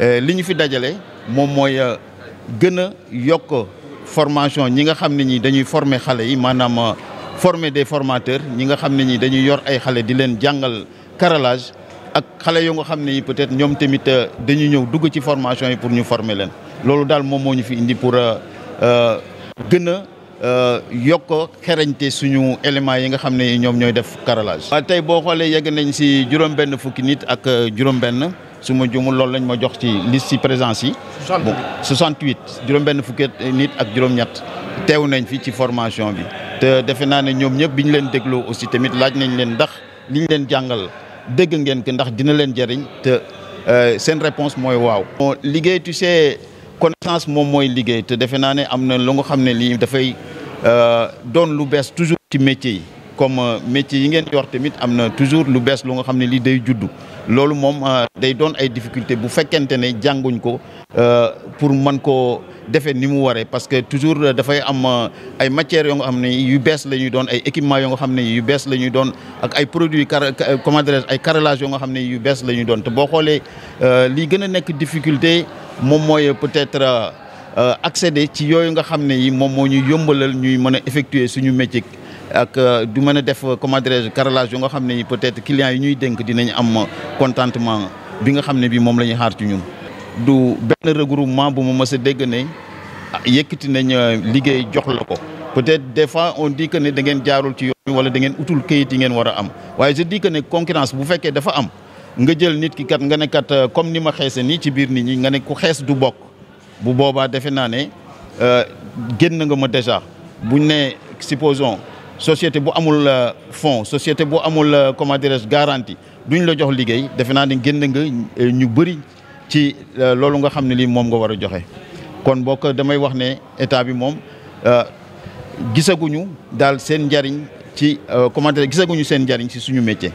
Euh, li ñu fi dajale moom mooy euh, gën a yokk formation ñi nga xam ne ñi dañuy former xale yi maanaam euh, former des formateurs ñi nga xam ne ñi dañuy yor ay xale di leen jàngal carrelage ak xale yoo nga xam ne yi peut-être ñoom tamit dañuy ñëw dugg ci formation yi pour ñu former leen loolu daal moom moo ñu fi indi pour gën a yokk xerañte suñu éléments yi nga xam ne ñoom ñooy def carrelage. waaw tey boo xoolee yegg nañ si juróom-benn fukki nit ak juróom-benn. su ma jumul loolu lañ ma jox ci liste ci présence yi. 68 juróom-benn fukki nit ak juróom-ñett teew nañ fi ci formation bi. te defe naa ne ñoom ñëpp bi ñu leen dégloo aussi tamit laaj nañ leen ndax li ñu leen jàngal dégg ngeen ko ndax dina leen jariñ te euh, seen réponse mooy waaw. bon liggéey tu sais connaissance moom mooy liggéey te defe naa ne am na lu nga xam ne lii dafay euh, doon lu bees toujours ci métier yi comme euh, métier yi ngeen yor tamit am na toujours lu bees lu nga xam ne lii day juddu. loolu moom euh, day doon ay difficulté bu fekkente ne jànguñ ko euh, pour mën koo defee ni mu waree parce que toujours euh, dafay am ay matières yoo nga xam ne yu bees la ñuy doon ay équipements yoo nga xam ne yu bees la ñuy doon ak ay produit comment dirais ay carrelage yoo nga xam ne yu bees la ñuy doon te boo xoolee li gën a nekk difficulté moom mooy peut-être accéder ci yooyu nga xam ne yi moom moo ñuy yombalal ñuy mën a effectuer suñu métier ak euh, du mën a def euh, comment dirais-je carrelage nga xam ne peut-être clients yi ñuy dénk dinañ am euh, contentement bi nga xam ne bi moom la ñuy xaar ci ñun. du benn regroupement bu ma mës a dégg ne ah, yëkkati nañ liggéey jox la ko peut-être des fois on dit que ne da ngeen jaarul ci yoon wala dangeen utul kayit yi ngeen war am waaye je dis ne concurrence bu fekkee dafa am nga jël nit ki kat nga ne kat comme ni ma xeese nii ci biir nit ñi nga ne ku xees du bokk bu boobaa defe naa ne génn nga ma déjà buñ ne supposons. société bu amul euh, fonds société boo amul euh, comment dirais-je garantie duñ la jox liggéey defe naa ne génn nga euh, ñu bëri ci loolu nga xam ne lii moom nga war a joxe. kon boo ko damay wax ne état bi moom gisaguñu daal seen njariñ ci comment gisaguñu seen njariñ ci suñu métier.